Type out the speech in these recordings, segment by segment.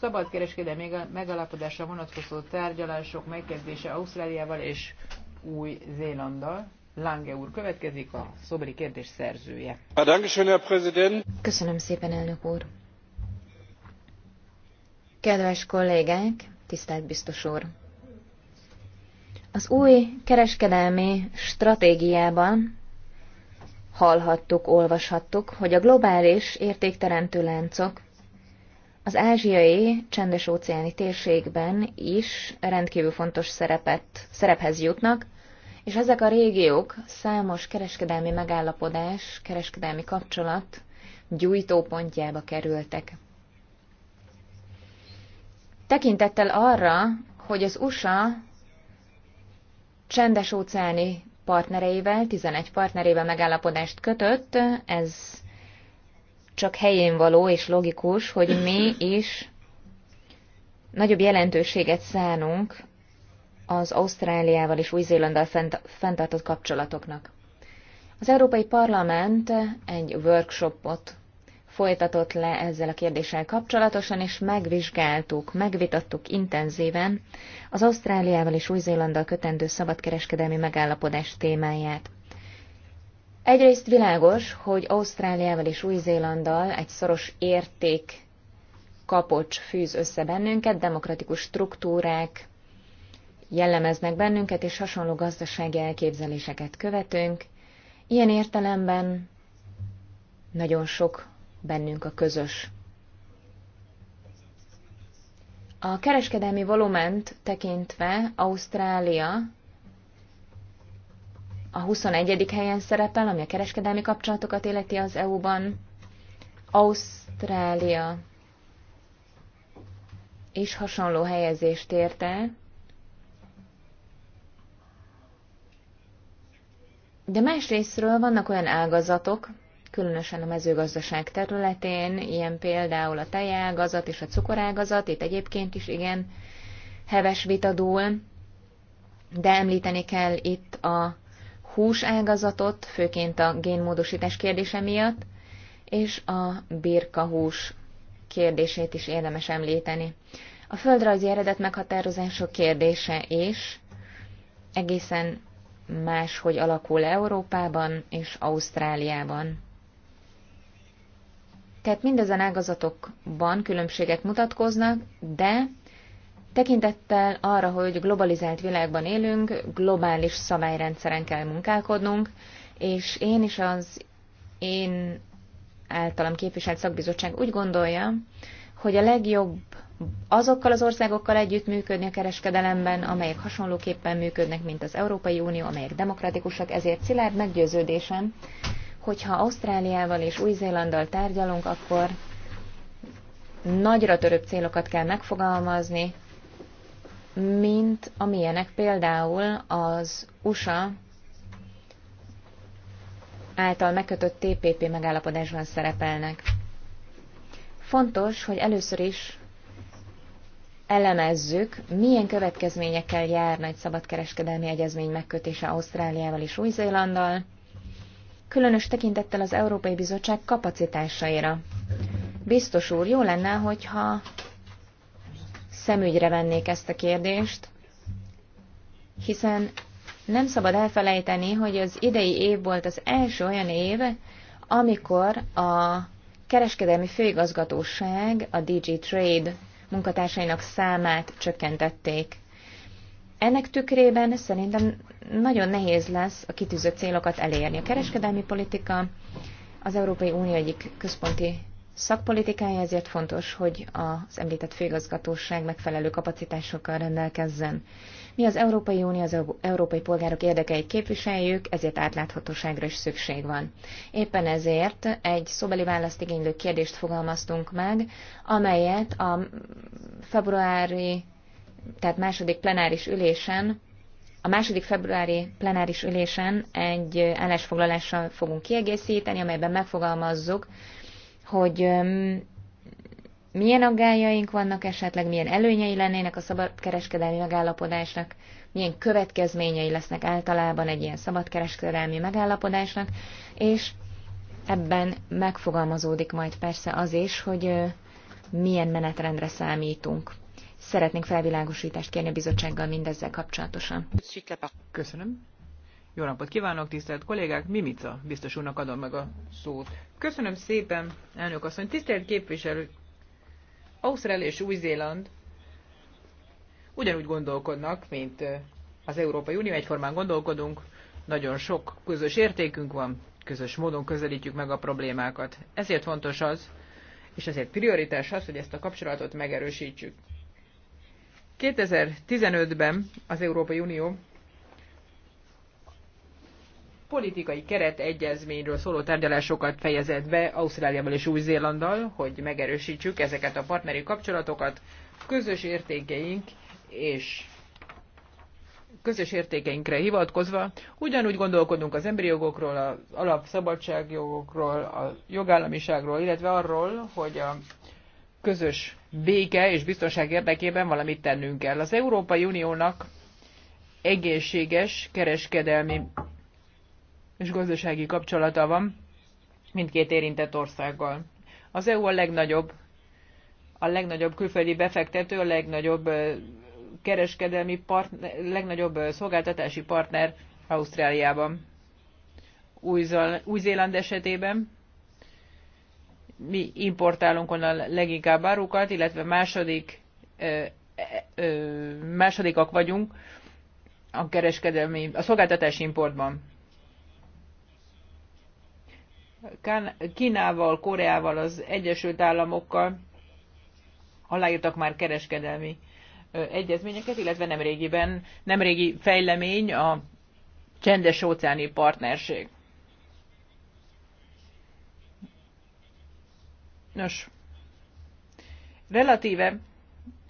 szabadkereskedelmi megalapodásra vonatkozó tárgyalások megkezdése Ausztráliával és Új-Zélanddal. Lange úr következik, a szobori kérdés szerzője. Köszönöm szépen, elnök úr. Kedves kollégák, tisztelt biztos úr! Az új kereskedelmi stratégiában hallhattuk, olvashattuk, hogy a globális értékteremtő láncok az ázsiai csendes-óceáni térségben is rendkívül fontos szerepet, szerephez jutnak, és ezek a régiók számos kereskedelmi megállapodás, kereskedelmi kapcsolat gyújtópontjába kerültek. Tekintettel arra, hogy az USA csendes-óceáni partnereivel, 11 partnerével megállapodást kötött, ez csak helyén való és logikus, hogy mi is nagyobb jelentőséget szánunk az Ausztráliával és Új-Zélanddal fenntartott kapcsolatoknak. Az Európai Parlament egy workshopot folytatott le ezzel a kérdéssel kapcsolatosan, és megvizsgáltuk, megvitattuk intenzíven az Ausztráliával és Új-Zélanddal kötendő szabadkereskedelmi megállapodás témáját. Egyrészt világos, hogy Ausztráliával és Új-Zélanddal egy szoros érték kapocs fűz össze bennünket, demokratikus struktúrák jellemeznek bennünket, és hasonló gazdasági elképzeléseket követünk. Ilyen értelemben nagyon sok bennünk a közös. A kereskedelmi volument tekintve Ausztrália a 21. helyen szerepel, ami a kereskedelmi kapcsolatokat életi az EU-ban. Ausztrália is hasonló helyezést ért el. De másrésztről vannak olyan ágazatok, különösen a mezőgazdaság területén, ilyen például a tejágazat és a cukorágazat, itt egyébként is igen heves vitadul, de említeni kell itt a hús ágazatot, főként a génmódosítás kérdése miatt, és a birkahús kérdését is érdemes említeni. A földrajzi eredet meghatározások kérdése is egészen más, hogy alakul Európában és Ausztráliában. Tehát mindezen ágazatokban különbségek mutatkoznak, de Tekintettel arra, hogy globalizált világban élünk, globális szabályrendszeren kell munkálkodnunk, és én is az én általam képviselt szakbizottság úgy gondolja, hogy a legjobb azokkal az országokkal együttműködni a kereskedelemben, amelyek hasonlóképpen működnek, mint az Európai Unió, amelyek demokratikusak, ezért szilárd meggyőződésem, hogyha Ausztráliával és Új-Zélanddal tárgyalunk, akkor nagyra törőbb célokat kell megfogalmazni, mint amilyenek például az USA által megkötött TPP megállapodásban szerepelnek. Fontos, hogy először is elemezzük, milyen következményekkel jár nagy szabadkereskedelmi egyezmény megkötése Ausztráliával és Új-Zélanddal, különös tekintettel az Európai Bizottság kapacitásaira. Biztos úr, jó lenne, hogyha szemügyre vennék ezt a kérdést, hiszen nem szabad elfelejteni, hogy az idei év volt az első olyan év, amikor a kereskedelmi főigazgatóság, a DG Trade munkatársainak számát csökkentették. Ennek tükrében szerintem nagyon nehéz lesz a kitűzött célokat elérni. A kereskedelmi politika az Európai Unió egyik központi szakpolitikája, ezért fontos, hogy az említett főigazgatóság megfelelő kapacitásokkal rendelkezzen. Mi az Európai Unió, az európai polgárok érdekeit képviseljük, ezért átláthatóságra is szükség van. Éppen ezért egy szóbeli választ igénylő kérdést fogalmaztunk meg, amelyet a februári, tehát második plenáris ülésen a második februári plenáris ülésen egy állásfoglalással fogunk kiegészíteni, amelyben megfogalmazzuk, hogy milyen aggájaink vannak esetleg, milyen előnyei lennének a szabadkereskedelmi megállapodásnak, milyen következményei lesznek általában egy ilyen szabadkereskedelmi megállapodásnak, és ebben megfogalmazódik majd persze az is, hogy milyen menetrendre számítunk. Szeretnénk felvilágosítást kérni a bizottsággal mindezzel kapcsolatosan. Köszönöm. Jó napot kívánok, tisztelt kollégák! Mimica biztos úrnak adom meg a szót. Köszönöm szépen, elnök asszony. Tisztelt képviselő, Ausztrál és Új-Zéland ugyanúgy gondolkodnak, mint az Európai Unió. Egyformán gondolkodunk, nagyon sok közös értékünk van, közös módon közelítjük meg a problémákat. Ezért fontos az, és ezért prioritás az, hogy ezt a kapcsolatot megerősítsük. 2015-ben az Európai Unió politikai keretegyezményről szóló tárgyalásokat fejezett be Ausztráliával és Új-Zélanddal, hogy megerősítsük ezeket a partneri kapcsolatokat, közös értékeink és közös értékeinkre hivatkozva ugyanúgy gondolkodunk az emberi jogokról, az alapszabadságjogokról, a jogállamiságról, illetve arról, hogy a közös béke és biztonság érdekében valamit tennünk kell. Az Európai Uniónak egészséges kereskedelmi és gazdasági kapcsolata van mindkét érintett országgal. Az EU a legnagyobb, a legnagyobb külföldi befektető, a legnagyobb kereskedelmi partner, legnagyobb szolgáltatási partner Ausztráliában. Új-Zéland esetében mi importálunk onnan leginkább árukat, illetve második, másodikak vagyunk a kereskedelmi, a szolgáltatási importban. Kínával, Koreával, az Egyesült Államokkal aláírtak már kereskedelmi egyezményeket, illetve nemrégiben, nemrégi fejlemény a csendes óceáni partnerség. Nos, relatíve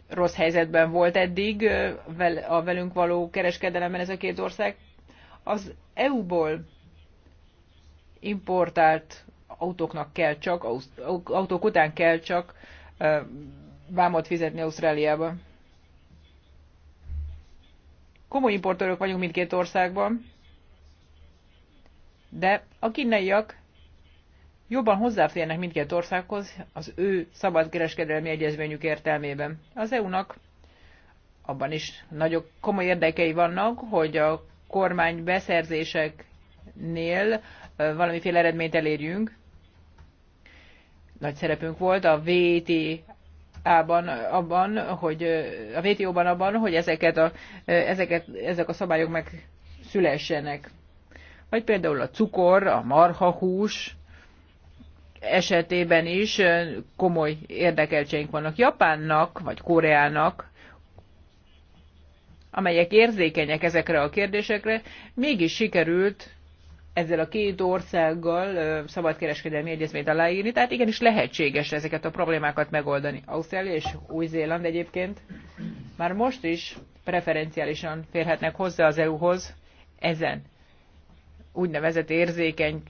rossz helyzetben volt eddig a velünk való kereskedelemben ez a két ország. Az EU-ból importált autóknak kell csak, autók után kell csak vámot fizetni Ausztráliába. Komoly importőrök vagyunk mindkét országban, de a kínaiak jobban hozzáférnek mindkét országhoz az ő szabadkereskedelmi egyezményük értelmében. Az EU-nak abban is nagyon komoly érdekei vannak, hogy a kormány beszerzéseknél valamiféle eredményt elérjünk. Nagy szerepünk volt a VT abban, abban, hogy a VTO-ban abban, hogy ezeket a, ezeket, ezek a szabályok meg szülessenek. Vagy például a cukor, a marhahús esetében is komoly érdekeltségünk vannak Japánnak vagy Koreának, amelyek érzékenyek ezekre a kérdésekre, mégis sikerült ezzel a két országgal szabadkereskedelmi egyezményt aláírni, tehát igenis lehetséges ezeket a problémákat megoldani. Ausztrália és Új-Zéland egyébként már most is preferenciálisan férhetnek hozzá az EU-hoz ezen úgynevezett érzékeny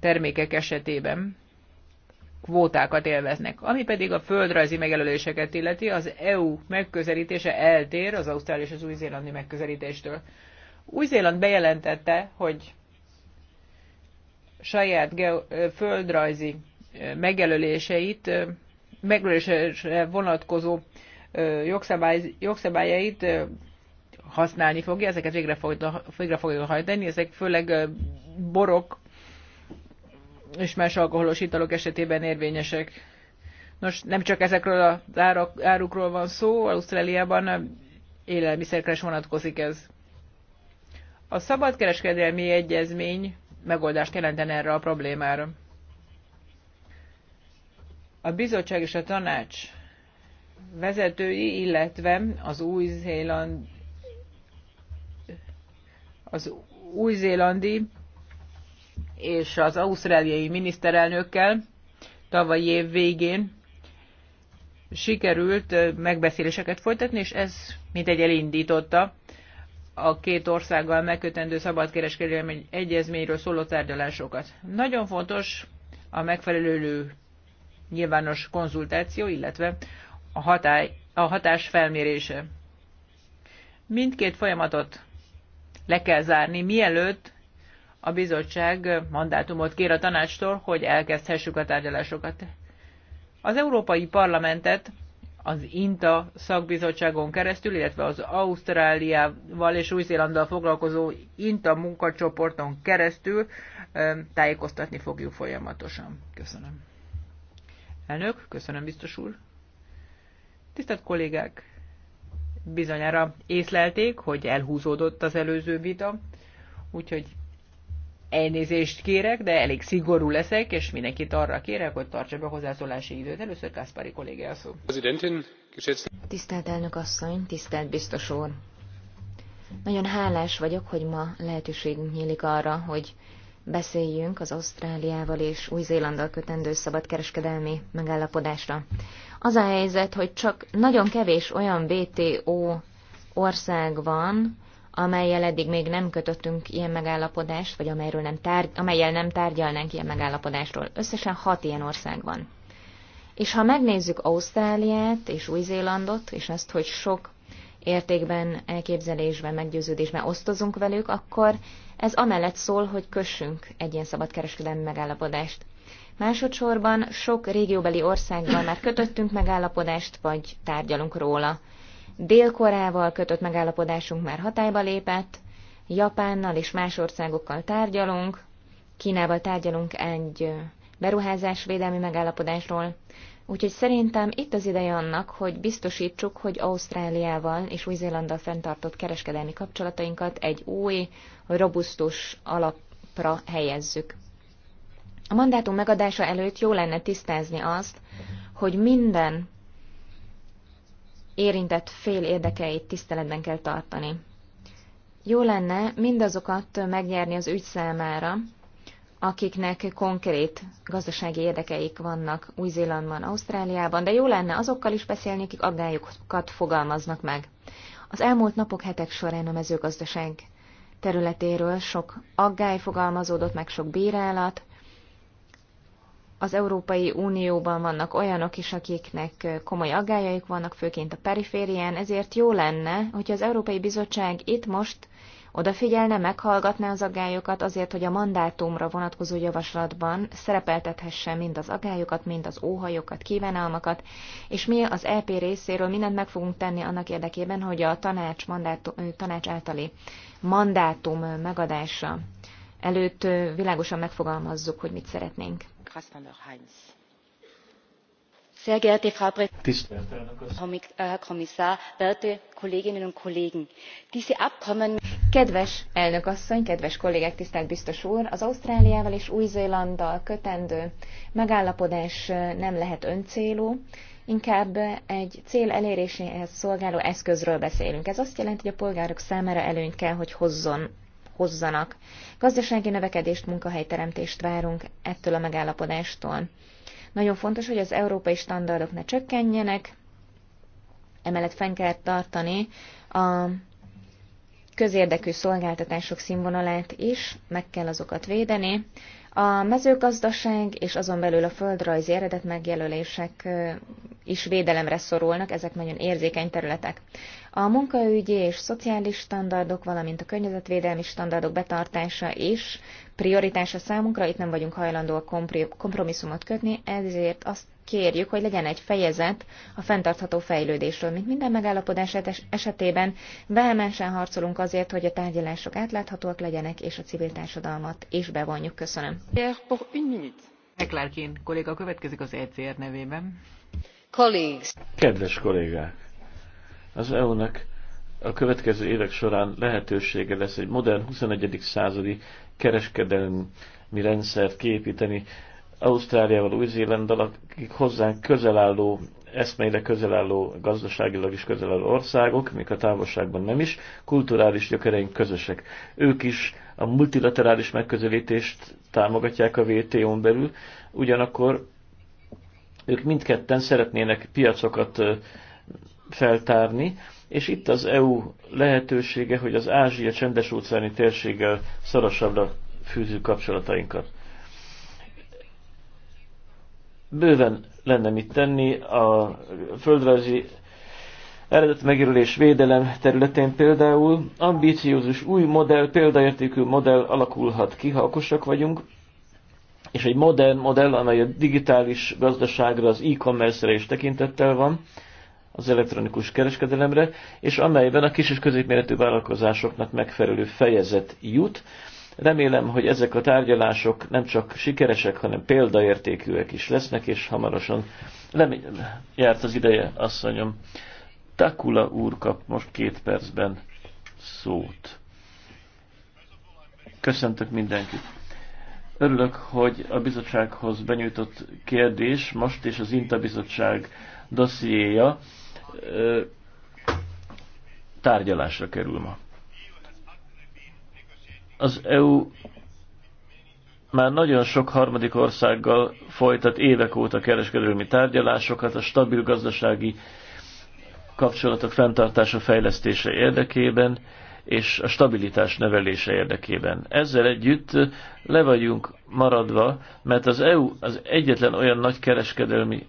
termékek esetében kvótákat élveznek. Ami pedig a földrajzi megjelöléseket illeti, az EU megközelítése eltér az Ausztrália és az új-zélandi megközelítéstől. Új-Zéland bejelentette, hogy saját földrajzi megjelöléseit, megjelölésre vonatkozó jogszabály, jogszabályait használni fogja, ezeket végre, fog, végre fogja hajtani, ezek főleg borok és más alkoholos italok esetében érvényesek. Nos, nem csak ezekről az árukról van szó, Ausztráliában élelmiszerkre is vonatkozik ez. A szabadkereskedelmi egyezmény megoldást jelenten erre a problémára. A bizottság és a tanács vezetői, illetve az új-zéland az új-zélandi és az ausztráliai miniszterelnökkel tavalyi év végén sikerült megbeszéléseket folytatni, és ez mindegy elindította a két országgal megkötendő szabadkereskedelmi egyezményről szóló tárgyalásokat. Nagyon fontos a megfelelő nyilvános konzultáció, illetve a, hatály, a hatás felmérése. Mindkét folyamatot le kell zárni, mielőtt a bizottság mandátumot kér a tanácstól, hogy elkezdhessük a tárgyalásokat. Az Európai Parlamentet az INTA szakbizottságon keresztül, illetve az Ausztráliával és Új-Zélanddal foglalkozó INTA munkacsoporton keresztül tájékoztatni fogjuk folyamatosan. Köszönöm. Elnök, köszönöm biztos úr. Tisztelt kollégák, bizonyára észlelték, hogy elhúzódott az előző vita, úgyhogy elnézést kérek, de elég szigorú leszek, és mindenkit arra kérek, hogy tartsa be a hozzászólási időt. Először Kászpári kollégia szó. Tisztelt elnök asszony, tisztelt biztos úr! Nagyon hálás vagyok, hogy ma lehetőségünk nyílik arra, hogy beszéljünk az Ausztráliával és Új-Zélanddal kötendő szabadkereskedelmi megállapodásra. Az a helyzet, hogy csak nagyon kevés olyan BTO ország van, amelyel eddig még nem kötöttünk ilyen megállapodást, vagy amelyről nem tárgy, amelyel nem tárgyalnánk ilyen megállapodásról. Összesen hat ilyen ország van. És ha megnézzük Ausztráliát és Új-Zélandot, és azt, hogy sok értékben, elképzelésben, meggyőződésben osztozunk velük, akkor ez amellett szól, hogy kössünk egy ilyen szabadkereskedelmi megállapodást. Másodszorban sok régióbeli országban már kötöttünk megállapodást, vagy tárgyalunk róla. Dél-Koreával kötött megállapodásunk már hatályba lépett, Japánnal és más országokkal tárgyalunk, Kínával tárgyalunk egy beruházásvédelmi megállapodásról, úgyhogy szerintem itt az ideje annak, hogy biztosítsuk, hogy Ausztráliával és Új-Zélanddal fenntartott kereskedelmi kapcsolatainkat egy új, robusztus alapra helyezzük. A mandátum megadása előtt jó lenne tisztázni azt, hogy minden érintett fél érdekeit tiszteletben kell tartani. Jó lenne mindazokat megnyerni az ügy számára, akiknek konkrét gazdasági érdekeik vannak Új-Zélandban, Ausztráliában, de jó lenne azokkal is beszélni, akik aggályokat fogalmaznak meg. Az elmúlt napok, hetek során a mezőgazdaság területéről sok aggály fogalmazódott meg, sok bírálat, az Európai Unióban vannak olyanok is, akiknek komoly aggájaik vannak, főként a periférián, ezért jó lenne, hogy az Európai Bizottság itt most odafigyelne, meghallgatná az aggályokat azért, hogy a mandátumra vonatkozó javaslatban szerepeltethesse mind az aggályokat, mind az óhajokat, kívánalmakat, és mi az EP részéről mindent meg fogunk tenni annak érdekében, hogy a tanács, mandátum, tanács általi mandátum megadása előtt világosan megfogalmazzuk, hogy mit szeretnénk tisztelt elnök asszony äh, herr kommissar werte kolleginnen und kollegen! diese abkommen. kedves elnök asszony kedves kollégák tisztelt biztos úr! az ausztráliával és új zélanddal kötendő megállapodás nem lehet öncélú inkább egy cél eléréséhez szolgáló eszközről beszélünk. ez azt jelenti hogy a polgárok számára előnyt kell hogy hozzon hozzanak. Gazdasági növekedést, munkahelyteremtést várunk ettől a megállapodástól. Nagyon fontos, hogy az európai standardok ne csökkenjenek, emellett fenn kell tartani a közérdekű szolgáltatások színvonalát is, meg kell azokat védeni. A mezőgazdaság és azon belül a földrajzi eredet megjelölések is védelemre szorulnak, ezek nagyon érzékeny területek. A munkaügyi és szociális standardok, valamint a környezetvédelmi standardok betartása is prioritása számunkra, itt nem vagyunk hajlandóak kompromisszumot kötni, ezért azt kérjük, hogy legyen egy fejezet a fenntartható fejlődésről. Mint minden megállapodás esetében vehemensen harcolunk azért, hogy a tárgyalások átláthatóak legyenek, és a civil társadalmat is bevonjuk. Köszönöm. Eklárkén kolléga következik az ECR nevében. Colleagues. Kedves kollégák! Az EU-nak a következő évek során lehetősége lesz egy modern 21. századi kereskedelmi rendszert képíteni Ausztráliával, Új-Zélanddal, akik hozzánk közel álló, eszmeire közel álló, gazdaságilag is közel álló országok, még a távolságban nem is, kulturális gyökereink közösek. Ők is a multilaterális megközelítést támogatják a WTO-n belül, ugyanakkor ők mindketten szeretnének piacokat feltárni, és itt az EU lehetősége, hogy az Ázsia csendes óceáni térséggel szorosabbra fűzzük kapcsolatainkat. Bőven lenne mit tenni a földrajzi eredet megjelölés védelem területén például ambíciózus új modell, példaértékű modell alakulhat ki, ha okosak vagyunk, és egy modern modell, amely a digitális gazdaságra, az e-commerce-re is tekintettel van, az elektronikus kereskedelemre, és amelyben a kis és középméretű vállalkozásoknak megfelelő fejezet jut. Remélem, hogy ezek a tárgyalások nem csak sikeresek, hanem példaértékűek is lesznek, és hamarosan Nem járt az ideje, asszonyom. Takula úr kap most két percben szót. Köszöntök mindenkit. Örülök, hogy a bizottsághoz benyújtott kérdés most és az INTA bizottság dossziéja tárgyalásra kerül ma. Az EU már nagyon sok harmadik országgal folytat évek óta kereskedelmi tárgyalásokat a stabil gazdasági kapcsolatok fenntartása fejlesztése érdekében és a stabilitás növelése érdekében. Ezzel együtt le vagyunk maradva, mert az EU az egyetlen olyan nagy kereskedelmi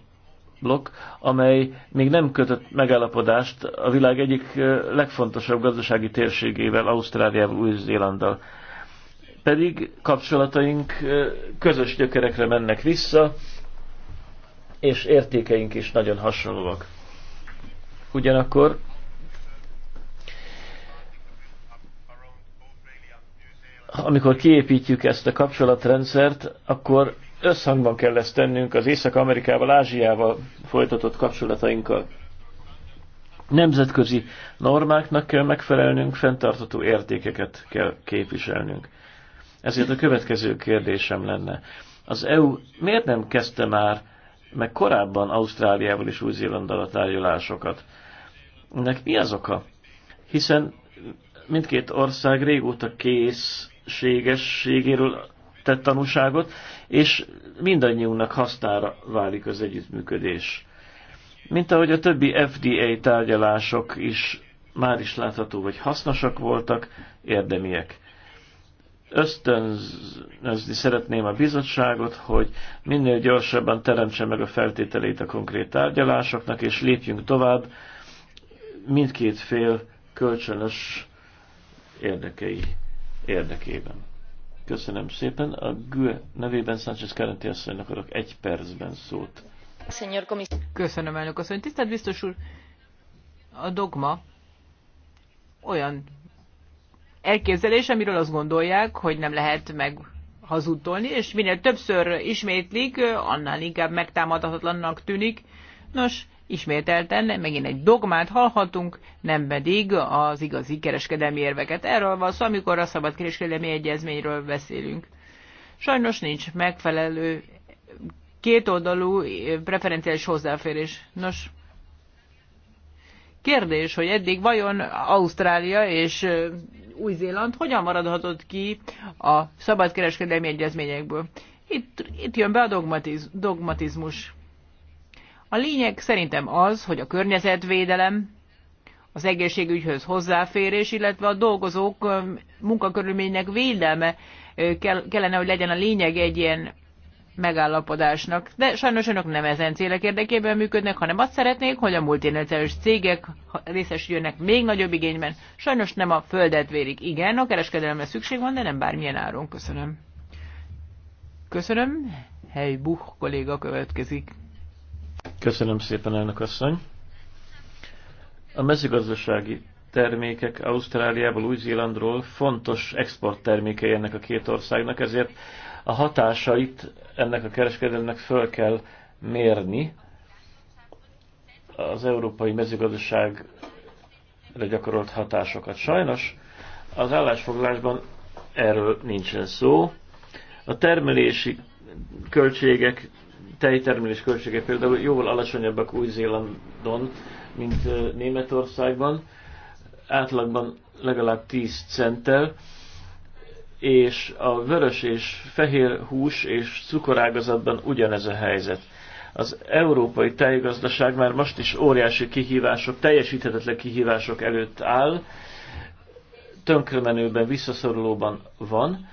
blokk, amely még nem kötött megállapodást a világ egyik legfontosabb gazdasági térségével, Ausztráliával, Új-Zélanddal. Pedig kapcsolataink közös gyökerekre mennek vissza, és értékeink is nagyon hasonlóak. Ugyanakkor amikor kiépítjük ezt a kapcsolatrendszert, akkor összhangban kell ezt tennünk az Észak-Amerikával, Ázsiával folytatott kapcsolatainkkal. Nemzetközi normáknak kell megfelelnünk, fenntartató értékeket kell képviselnünk. Ezért a következő kérdésem lenne. Az EU miért nem kezdte már meg korábban Ausztráliával és Új-Zélanddal a tárgyalásokat? Ennek mi az oka? Hiszen mindkét ország régóta készségességéről tett tanúságot, és mindannyiunknak hasznára válik az együttműködés. Mint ahogy a többi FDA tárgyalások is már is látható, hogy hasznosak voltak, érdemiek. Ösztönözni szeretném a bizottságot, hogy minél gyorsabban teremtse meg a feltételét a konkrét tárgyalásoknak, és lépjünk tovább mindkét fél kölcsönös érdekei érdekében. Köszönöm szépen. A GÜ e nevében Sánchez Kárenti asszonynak adok egy percben szót. Köszönöm, elnök asszony. Tisztelt biztos úr, a dogma olyan elképzelés, amiről azt gondolják, hogy nem lehet meg hazudtolni, és minél többször ismétlik, annál inkább megtámadhatatlannak tűnik. Nos, ismételten megint egy dogmát hallhatunk, nem pedig az igazi kereskedelmi érveket. Erről van szó, amikor a szabad kereskedelmi egyezményről beszélünk. Sajnos nincs megfelelő kétoldalú eh, preferenciális hozzáférés. Nos, kérdés, hogy eddig vajon Ausztrália és eh, Új-Zéland hogyan maradhatott ki a szabadkereskedelmi egyezményekből? Itt, itt jön be a dogmatiz, dogmatizmus. A lényeg szerintem az, hogy a környezetvédelem, az egészségügyhöz hozzáférés, illetve a dolgozók munkakörülménynek védelme kellene, hogy legyen a lényeg egy ilyen megállapodásnak. De sajnos önök nem ezen célek érdekében működnek, hanem azt szeretnék, hogy a multinacionalis cégek részesüljönek még nagyobb igényben. Sajnos nem a földet vérik. Igen, a kereskedelemre szükség van, de nem bármilyen áron. Köszönöm. Köszönöm. Hely Buch kolléga következik. Köszönöm szépen, elnök asszony. A mezőgazdasági termékek Ausztráliából, Új-Zélandról fontos exporttermékei ennek a két országnak, ezért a hatásait ennek a kereskedelmnek föl kell mérni. Az európai mezőgazdaságra gyakorolt hatásokat. Sajnos az állásfoglásban erről nincsen szó. A termelési költségek tejtermelés költsége például jóval alacsonyabbak Új-Zélandon, mint Németországban, átlagban legalább 10 centtel, és a vörös és fehér hús és cukorágazatban ugyanez a helyzet. Az európai tejgazdaság már most is óriási kihívások, teljesíthetetlen kihívások előtt áll, tönkremenőben, visszaszorulóban van.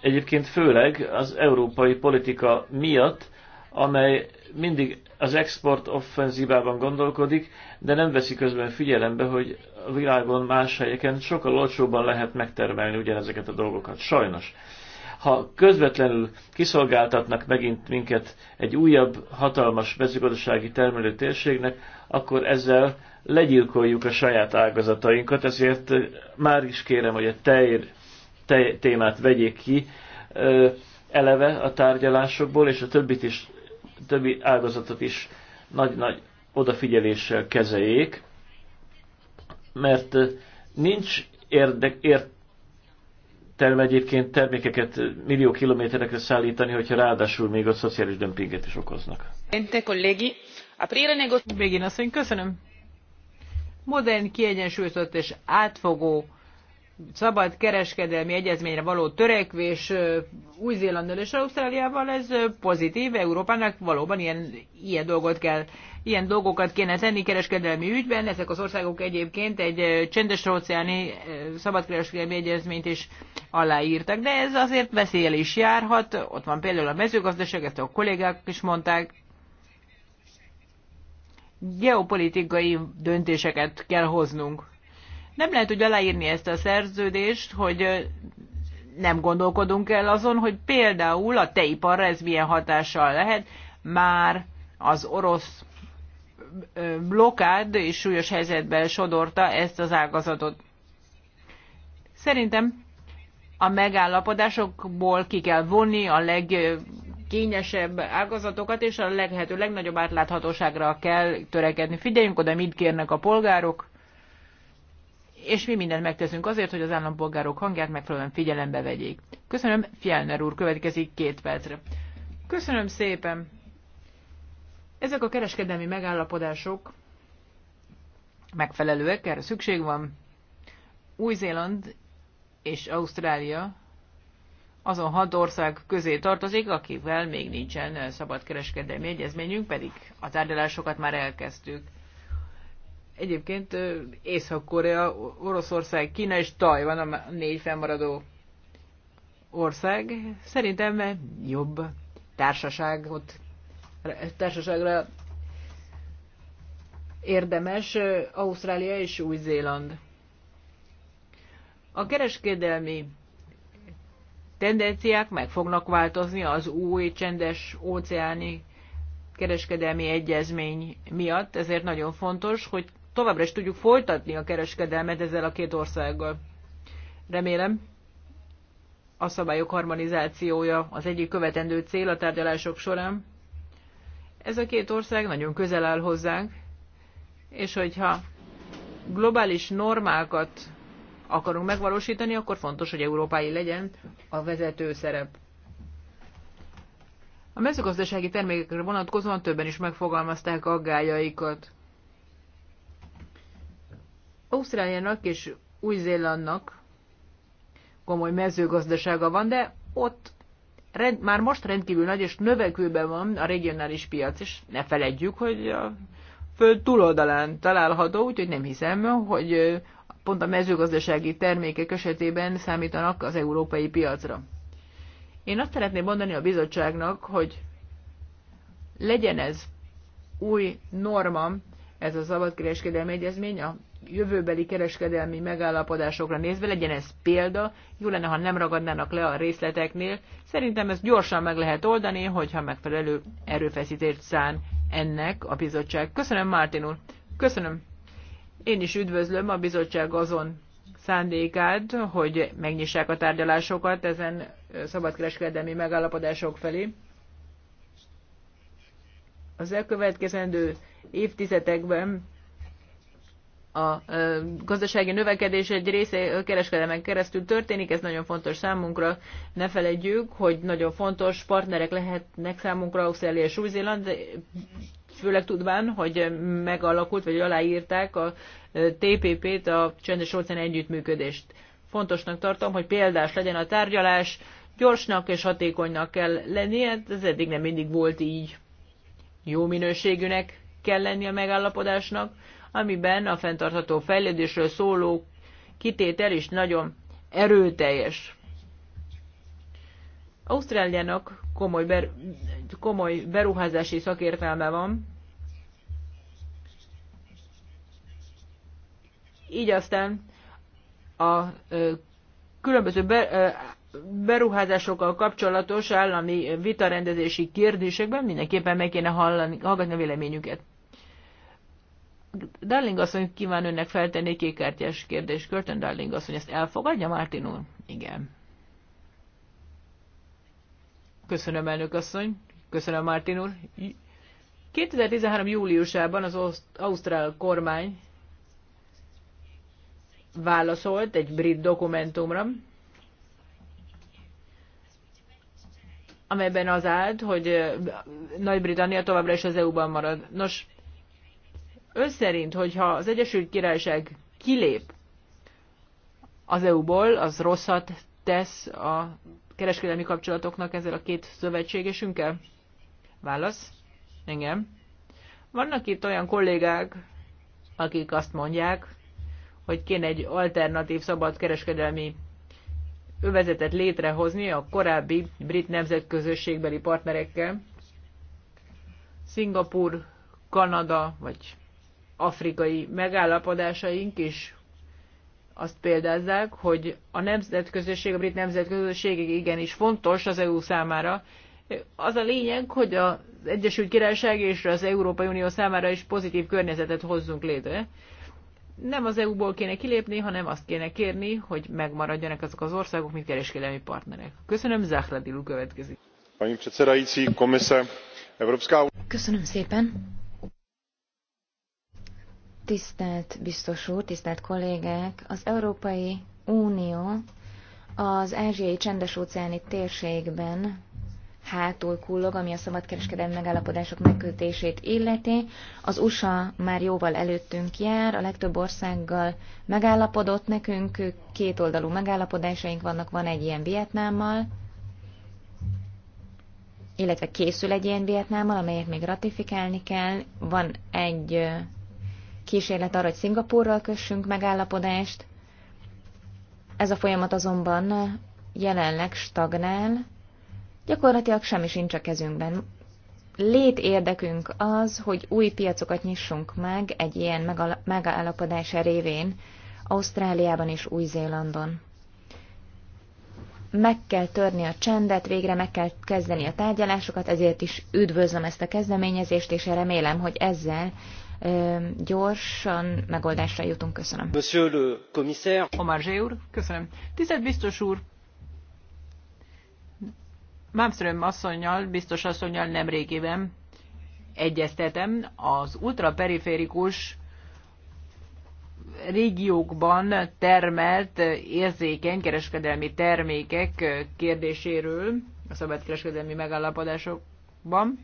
Egyébként főleg az európai politika miatt, amely mindig az export offenzívában gondolkodik, de nem veszi közben figyelembe, hogy a világon más helyeken sokkal olcsóban lehet megtermelni ugyanezeket a dolgokat. Sajnos. Ha közvetlenül kiszolgáltatnak megint minket egy újabb, hatalmas mezőgazdasági térségnek, akkor ezzel legyilkoljuk a saját ágazatainkat, ezért már is kérem, hogy a tejér tej témát vegyék ki eleve a tárgyalásokból, és a többit is többi áldozatot is nagy-nagy odafigyeléssel kezeljék, mert eh, nincs érdek, értelme egyébként termékeket millió kilométerekre szállítani, hogyha ráadásul még a szociális dömpinget is okoznak. Végén azt mondjuk, köszönöm. Modern, kiegyensúlyozott és átfogó szabad kereskedelmi egyezményre való törekvés Új-Zélandnal és Ausztráliával, ez pozitív. Európának valóban ilyen, ilyen dolgot kell, ilyen dolgokat kéne tenni kereskedelmi ügyben. Ezek az országok egyébként egy csendes óceáni szabadkereskedelmi egyezményt is aláírtak, de ez azért veszélyel is járhat. Ott van például a mezőgazdaság, ezt a kollégák is mondták, geopolitikai döntéseket kell hoznunk. Nem lehet úgy aláírni ezt a szerződést, hogy nem gondolkodunk el azon, hogy például a teiparra ez milyen hatással lehet, már az orosz blokád és súlyos helyzetben sodorta ezt az ágazatot. Szerintem a megállapodásokból ki kell vonni a legkényesebb ágazatokat, és a lehető legnagyobb átláthatóságra kell törekedni. Figyeljünk oda, mit kérnek a polgárok, és mi mindent megteszünk azért, hogy az állampolgárok hangját megfelelően figyelembe vegyék. Köszönöm, Fjellner úr, következik két percre. Köszönöm szépen! Ezek a kereskedelmi megállapodások megfelelőek, erre szükség van. Új-Zéland és Ausztrália azon hat ország közé tartozik, akivel még nincsen szabad kereskedelmi egyezményünk, pedig a tárgyalásokat már elkezdtük. Egyébként Észak-Korea, Oroszország, Kína és Tajvan a négy fennmaradó ország. Szerintem jobb társaságot, társaságra érdemes Ausztrália és Új-Zéland. A kereskedelmi tendenciák meg fognak változni az új csendes óceáni kereskedelmi egyezmény miatt, ezért nagyon fontos, hogy továbbra is tudjuk folytatni a kereskedelmet ezzel a két országgal. Remélem, a szabályok harmonizációja az egyik követendő cél a tárgyalások során. Ez a két ország nagyon közel áll hozzánk, és hogyha globális normákat akarunk megvalósítani, akkor fontos, hogy európai legyen a vezető szerep. A mezőgazdasági termékekre vonatkozóan többen is megfogalmazták aggájaikat. Ausztráliának és Új-Zélandnak komoly mezőgazdasága van, de ott rend, már most rendkívül nagy és növekvőben van a regionális piac, és ne feledjük, hogy a föld túloldalán található, úgyhogy nem hiszem, hogy pont a mezőgazdasági termékek esetében számítanak az európai piacra. Én azt szeretném mondani a bizottságnak, hogy legyen ez új norma, ez a szabadkereskedelmi egyezmény a jövőbeli kereskedelmi megállapodásokra nézve, legyen ez példa, jó lenne, ha nem ragadnának le a részleteknél. Szerintem ezt gyorsan meg lehet oldani, hogyha megfelelő erőfeszítést szán ennek a bizottság. Köszönöm, Mártin úr! Köszönöm! Én is üdvözlöm a bizottság azon szándékát, hogy megnyissák a tárgyalásokat ezen szabadkereskedelmi megállapodások felé. Az elkövetkezendő évtizedekben a gazdasági növekedés egy része kereskedelmen keresztül történik, ez nagyon fontos számunkra. Ne felejtjük, hogy nagyon fontos partnerek lehetnek számunkra Ausztrália és Új-Zéland, főleg tudván, hogy megalakult vagy aláírták a TPP-t, a csendes óceán együttműködést. Fontosnak tartom, hogy példás legyen a tárgyalás, gyorsnak és hatékonynak kell lennie, hát ez eddig nem mindig volt így. Jó minőségűnek kell lenni a megállapodásnak, amiben a fenntartható fejlődésről szóló kitétel is nagyon erőteljes. Ausztráliának komoly, ber, komoly beruházási szakértelme van, így aztán a különböző beruházásokkal kapcsolatos állami vitarendezési kérdésekben mindenképpen meg kéne hallani, hallgatni a véleményüket. Darling asszony kíván önnek feltenni egy kékkártyás kérdéskört. Ön Darling asszony ezt elfogadja, Martin úr? Igen. Köszönöm, elnök asszony. Köszönöm, Martin úr. 2013. júliusában az Ausztrál kormány válaszolt egy brit dokumentumra, amelyben az állt, hogy Nagy-Britannia továbbra is az EU-ban marad. Nos, Ön szerint, hogyha az Egyesült Királyság kilép az EU-ból, az rosszat tesz a kereskedelmi kapcsolatoknak ezzel a két szövetségesünkkel? Válasz? Igen. Vannak itt olyan kollégák, akik azt mondják, hogy kéne egy alternatív szabad kereskedelmi övezetet létrehozni a korábbi brit nemzetközösségbeli partnerekkel. Szingapur, Kanada vagy afrikai megállapodásaink is azt példázzák, hogy a nemzetközösség, a brit nemzetközösség igenis fontos az EU számára. Az a lényeg, hogy az Egyesült Királyság és az Európai Unió számára is pozitív környezetet hozzunk létre. Nem az EU-ból kéne kilépni, hanem azt kéne kérni, hogy megmaradjanak azok az országok, mint kereskedelmi partnerek. Köszönöm, Záhradilu következik. Köszönöm szépen. Tisztelt biztos úr, tisztelt kollégák! Az Európai Unió az ázsiai csendes-óceáni térségben hátul kullog, ami a szabadkereskedelmi megállapodások megkötését illeti. Az USA már jóval előttünk jár, a legtöbb országgal megállapodott nekünk, kétoldalú megállapodásaink vannak, van egy ilyen Vietnámmal, illetve készül egy ilyen Vietnámmal, amelyet még ratifikálni kell. Van egy kísérlet arra, hogy Szingapurral kössünk megállapodást. Ez a folyamat azonban jelenleg stagnál, gyakorlatilag semmi sincs a kezünkben. Lét érdekünk az, hogy új piacokat nyissunk meg egy ilyen megállapodása révén Ausztráliában és Új-Zélandon. Meg kell törni a csendet, végre meg kell kezdeni a tárgyalásokat, ezért is üdvözlöm ezt a kezdeményezést, és remélem, hogy ezzel gyorsan megoldásra jutunk. Köszönöm. Monsieur le commissaire. Omarzsé úr, köszönöm. Tisztelt biztos úr, Mámszerűen asszonynal, biztos asszonynal régében egyeztetem az ultraperiférikus régiókban termelt érzékeny kereskedelmi termékek kérdéséről a szabadkereskedelmi megállapodásokban.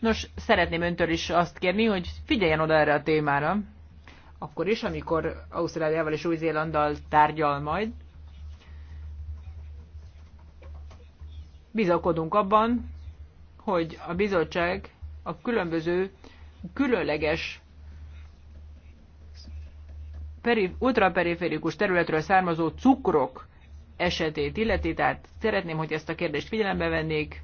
Nos, szeretném öntől is azt kérni, hogy figyeljen oda erre a témára, akkor is, amikor Ausztráliával és Új-Zélanddal tárgyal majd. Bizakodunk abban, hogy a bizottság a különböző különleges peri, ultraperiférikus területről származó cukrok esetét illeti, tehát szeretném, hogy ezt a kérdést figyelembe vennék,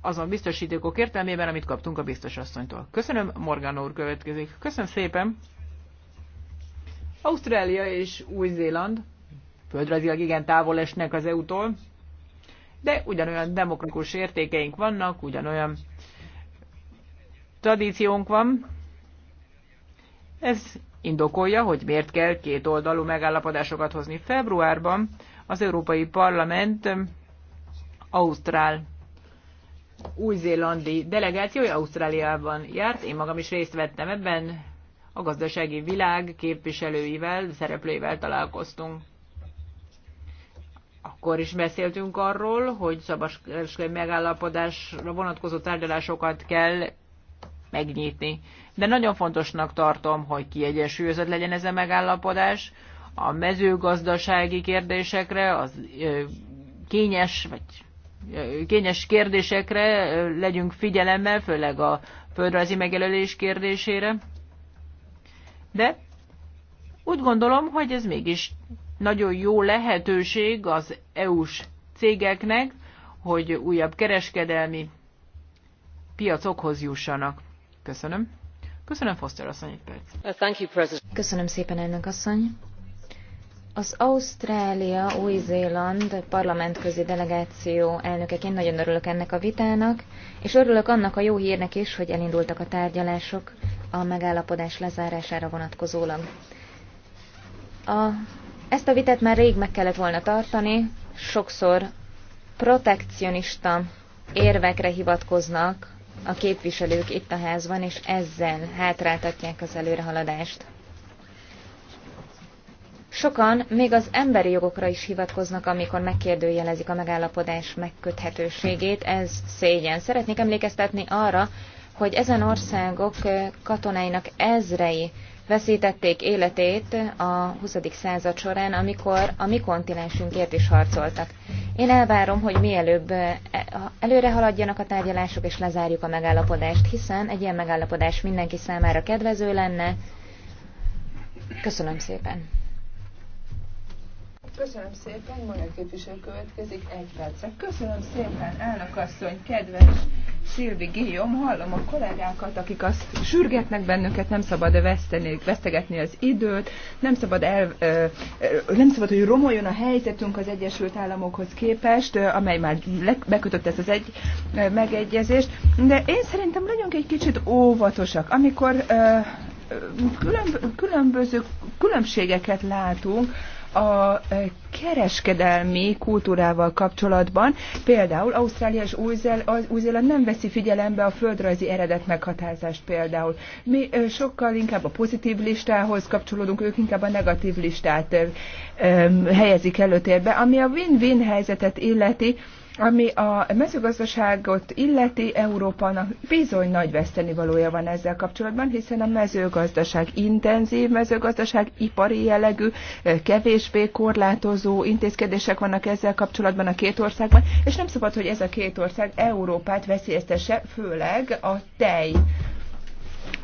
azon biztosítékok értelmében, amit kaptunk a biztos asszonytól. Köszönöm, Morgan úr következik. Köszönöm szépen. Ausztrália és Új-Zéland földrajzilag igen távol esnek az EU-tól, de ugyanolyan demokratikus értékeink vannak, ugyanolyan tradíciónk van. Ez indokolja, hogy miért kell két oldalú megállapodásokat hozni. Februárban az Európai Parlament Ausztrál új-zélandi delegációja Ausztráliában járt, én magam is részt vettem ebben, a gazdasági világ képviselőivel, szereplőivel találkoztunk. Akkor is beszéltünk arról, hogy szabadkereskedelmi megállapodásra vonatkozó tárgyalásokat kell megnyitni. De nagyon fontosnak tartom, hogy kiegyensúlyozott legyen ez a megállapodás. A mezőgazdasági kérdésekre, az kényes vagy kényes kérdésekre legyünk figyelemmel, főleg a földrajzi megjelölés kérdésére. De úgy gondolom, hogy ez mégis nagyon jó lehetőség az EU-s cégeknek, hogy újabb kereskedelmi piacokhoz jussanak. Köszönöm. Köszönöm, Foster asszony, egy perc. Köszönöm szépen, elnök asszony. Az Ausztrália, Új-Zéland parlamentközi delegáció elnökeként nagyon örülök ennek a vitának, és örülök annak a jó hírnek is, hogy elindultak a tárgyalások a megállapodás lezárására vonatkozólag. A, ezt a vitát már rég meg kellett volna tartani, sokszor protekcionista érvekre hivatkoznak a képviselők itt a házban, és ezzel hátráltatják az előrehaladást. Sokan még az emberi jogokra is hivatkoznak, amikor megkérdőjelezik a megállapodás megköthetőségét, ez szégyen. Szeretnék emlékeztetni arra, hogy ezen országok eh, katonáinak ezrei veszítették életét a 20. század során, amikor a mi kontinensünkért is harcoltak. Én elvárom, hogy mielőbb eh, előre haladjanak a tárgyalások, és lezárjuk a megállapodást, hiszen egy ilyen megállapodás mindenki számára kedvező lenne. Köszönöm szépen! Köszönöm szépen, Magyar képviselő következik egy percre. Köszönöm szépen, elnök asszony, kedves Szilvi Guillaume, hallom a kollégákat, akik azt sürgetnek bennünket, nem szabad veszteni, vesztegetni az időt, nem szabad, el, nem szabad, hogy romoljon a helyzetünk az Egyesült Államokhoz képest, amely már bekötött ezt az egy megegyezést, de én szerintem legyünk egy kicsit óvatosak. Amikor különböző különbségeket látunk, a kereskedelmi kultúrával kapcsolatban, például Ausztrália és Új-Zéland nem veszi figyelembe a földrajzi eredet meghatázást például. Mi sokkal inkább a pozitív listához kapcsolódunk, ők inkább a negatív listát helyezik előtérbe, ami a win-win helyzetet illeti, ami a mezőgazdaságot illeti, Európának bizony nagy vesztenivalója van ezzel kapcsolatban, hiszen a mezőgazdaság intenzív, mezőgazdaság ipari jellegű, eh, kevésbé korlátozó intézkedések vannak ezzel kapcsolatban a két országban, és nem szabad, hogy ez a két ország Európát veszélyeztesse, főleg a tej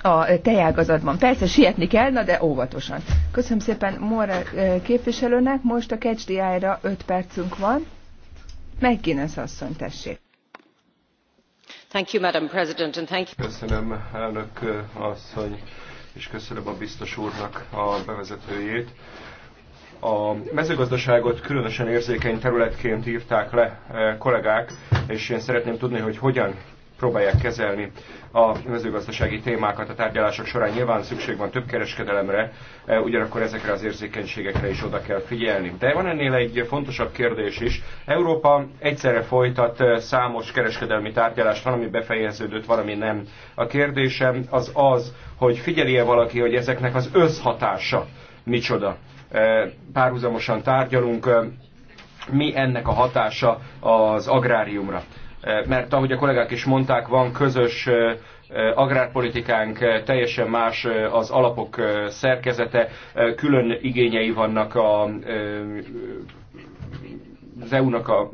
a tejágazatban. Persze sietni kell, na de óvatosan. Köszönöm szépen Mora eh, képviselőnek, most a KCDI-ra 5 percünk van. McGuinness asszony, tessék. Köszönöm, elnök asszony, és köszönöm a biztos úrnak a bevezetőjét. A mezőgazdaságot különösen érzékeny területként írták le eh, kollégák, és én szeretném tudni, hogy hogyan próbálják kezelni a mezőgazdasági témákat a tárgyalások során. Nyilván szükség van több kereskedelemre, eh, ugyanakkor ezekre az érzékenységekre is oda kell figyelni. De van ennél egy fontosabb kérdés is. Európa egyszerre folytat eh, számos kereskedelmi tárgyalást, valami befejeződött, valami nem. A kérdésem az az, hogy figyelje valaki, hogy ezeknek az összhatása micsoda. Eh, párhuzamosan tárgyalunk, mi ennek a hatása az agráriumra Eh, mert ahogy a kollégák is mondták, van közös eh, eh, agrárpolitikánk, teljesen más az alapok szerkezete, külön igényei vannak a, az EU-nak a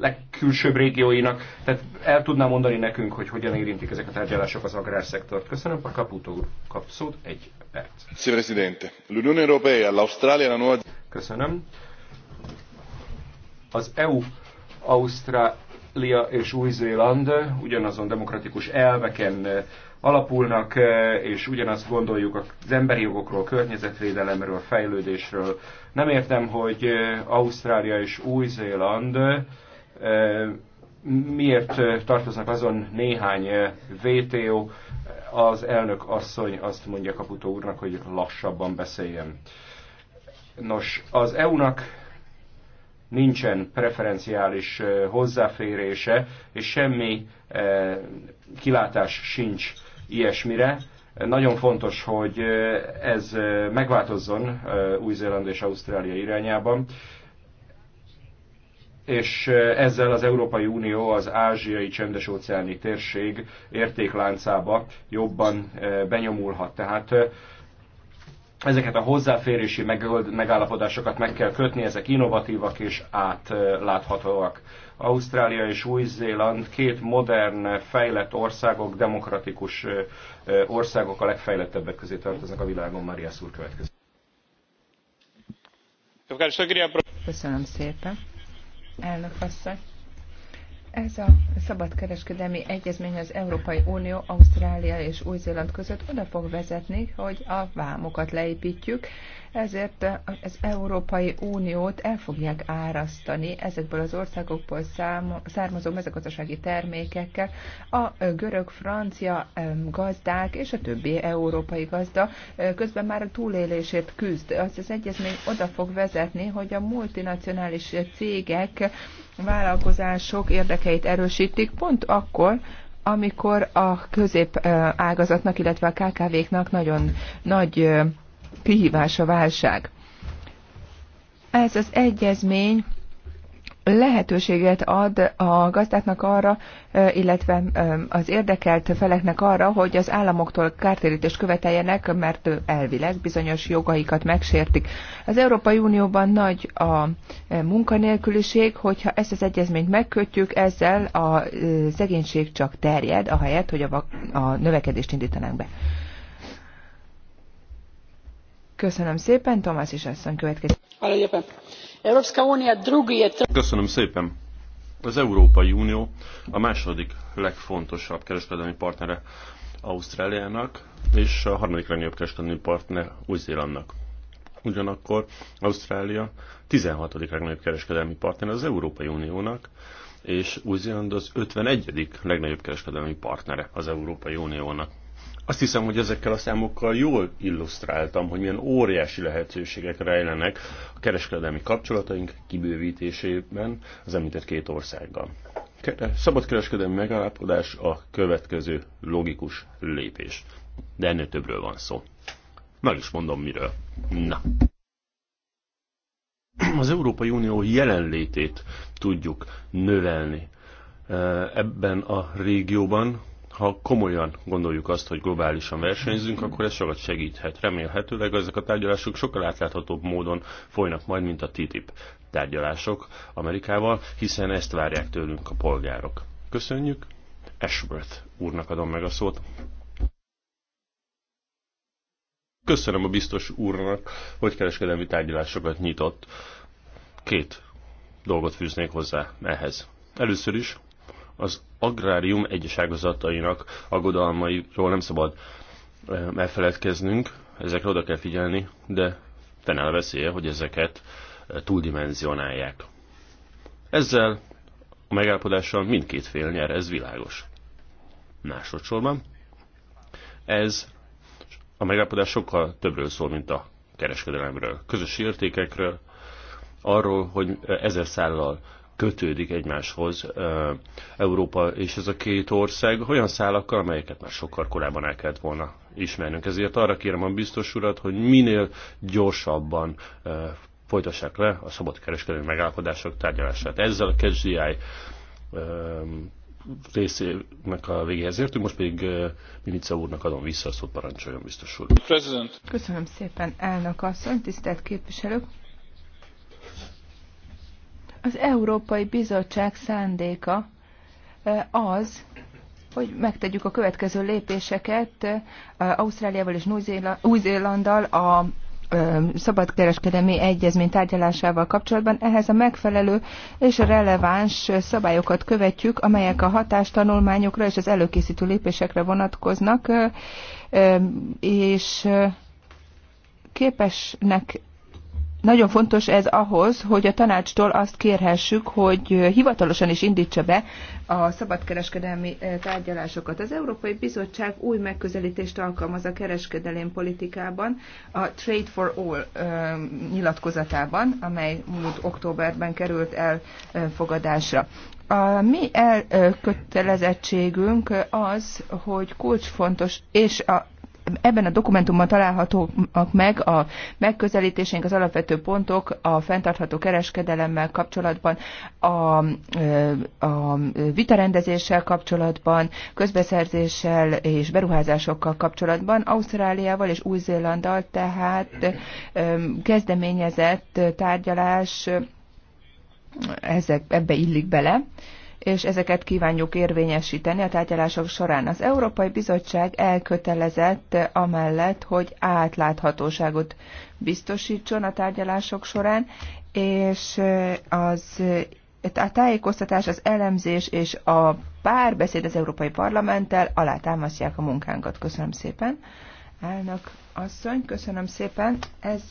legkülsőbb régióinak. Tehát el tudná mondani nekünk, hogy hogyan érintik ezek a tárgyalások az agrárszektort. Köszönöm, a Caputo úr kap szót, egy perc. E Köszönöm. Az EU Ausztrá... Ausztrália és Új-Zéland ugyanazon demokratikus elveken eh, alapulnak, eh, és ugyanazt gondoljuk az emberi jogokról, környezetvédelemről, fejlődésről. Nem értem, hogy eh, Ausztrália és Új-Zéland miért tartoznak azon néhány VTO. Az elnök asszony azt mondja Kaputó úrnak, hogy lassabban beszéljen. Nos, az EU-nak nincsen preferenciális hozzáférése, és semmi kilátás sincs ilyesmire. Nagyon fontos, hogy ez megváltozzon Új-Zéland és Ausztrália irányában, és ezzel az Európai Unió az ázsiai csendes-óceáni térség értékláncába jobban benyomulhat. Tehát ezeket a hozzáférési megállapodásokat meg kell kötni, ezek innovatívak és átláthatóak. Ausztrália és Új-Zéland két modern, fejlett országok, demokratikus országok a legfejlettebbek közé tartoznak a világon. Maria Szúr következik. Köszönöm szépen. Elnök asszony. Ez a szabadkereskedelmi egyezmény az Európai Unió, Ausztrália és Új-Zéland között oda fog vezetni, hogy a vámokat leépítjük, ezért az Európai Uniót el fogják árasztani ezekből az országokból származó mezőgazdasági termékekkel a görög, francia gazdák és a többi európai gazda közben már a túlélésért küzd. Az az egyezmény oda fog vezetni, hogy a multinacionális cégek, vállalkozások érdekeit erősítik pont akkor, amikor a ágazatnak illetve a KKV-knak nagyon nagy kihívás a válság. Ez az egyezmény lehetőséget ad a gazdáknak arra, illetve az érdekelt feleknek arra, hogy az államoktól kártérítést követeljenek, mert elvileg bizonyos jogaikat megsértik. Az Európai Unióban nagy a munkanélküliség, hogyha ezt az egyezményt megkötjük, ezzel a szegénység csak terjed, ahelyett, hogy a, növekedést indítanánk be. Köszönöm szépen, Tomás is asszony következik. Köszönöm szépen. Az Európai Unió a második legfontosabb kereskedelmi partnere Ausztráliának, és a harmadik legnagyobb kereskedelmi partner Új-Zélandnak. Ugyanakkor Ausztrália 16. legnagyobb kereskedelmi partner az Európai Uniónak, és Új-Zéland az 51. legnagyobb kereskedelmi partnere az Európai Uniónak. Azt hiszem, hogy ezekkel a számokkal jól illusztráltam, hogy milyen óriási lehetőségek rejlenek a kereskedelmi kapcsolataink kibővítésében az említett két országgal. Szabadkereskedelmi megállapodás a következő logikus lépés. De ennél többről van szó. Meg is mondom miről. Na. Az Európai Unió jelenlétét tudjuk növelni eh, ebben a régióban, ha komolyan gondoljuk azt, hogy globálisan versenyzünk, akkor ez sokat segíthet. Remélhetőleg ezek a tárgyalások sokkal átláthatóbb módon folynak majd, mint a TTIP tárgyalások Amerikával, hiszen ezt várják tőlünk a polgárok. Köszönjük. Ashworth úrnak adom meg a szót. Köszönöm a biztos úrnak, hogy kereskedelmi tárgyalásokat nyitott. Két dolgot fűznék hozzá ehhez. Először is az agrárium egyes ágazatainak aggodalmairól nem szabad elfeledkeznünk, ezekre oda kell figyelni, de fennáll a veszélye, hogy ezeket túldimenzionálják. Ezzel a megállapodással mindkét fél nyer, ez világos. Másodszorban ez a megállapodás sokkal többről szól, mint a kereskedelemről, közös értékekről, arról, hogy ezer szállal kötődik egymáshoz Európa és ez a két ország olyan szálakkal, amelyeket már sokkal korábban el kellett volna ismernünk. Ezért arra kérem a biztos urat, hogy minél gyorsabban folytassák le a kereskedelmi megállapodások tárgyalását. Ezzel a KGI részének a végéhez értünk, most pedig Minica úrnak adom vissza a szót, parancsoljon biztos úr. President. Köszönöm szépen, elnök asszony, tisztelt képviselők! Az Európai Bizottság szándéka az, hogy megtegyük a következő lépéseket Ausztráliával és Új-Zélanddal a szabadkereskedelmi egyezmény tárgyalásával kapcsolatban ehhez a megfelelő és a releváns szabályokat követjük, amelyek a hatástanulmányokra és az előkészítő lépésekre vonatkoznak, és képesnek nagyon fontos ez ahhoz, hogy a tanácstól azt kérhessük, hogy hivatalosan is indítsa be a szabadkereskedelmi eh, tárgyalásokat. Az Európai Bizottság új megközelítést alkalmaz a kereskedelem politikában, a Trade for All eh, nyilatkozatában, amely múlt októberben került elfogadásra. A mi elkötelezettségünk az, hogy kulcsfontos, és a ebben a dokumentumban találhatóak meg a megközelítésénk, az alapvető pontok a fenntartható kereskedelemmel kapcsolatban, a, a vitarendezéssel kapcsolatban, közbeszerzéssel és beruházásokkal kapcsolatban, Ausztráliával és Új-Zélanddal tehát kezdeményezett tárgyalás ezek, ebbe illik bele és ezeket kívánjuk érvényesíteni a tárgyalások során. Az Európai Bizottság elkötelezett amellett, hogy átláthatóságot biztosítson a tárgyalások során, és az a tájékoztatás, az elemzés és a párbeszéd az Európai Parlamenttel alátámasztják a munkánkat. Köszönöm szépen. Elnök asszony, köszönöm szépen. Ez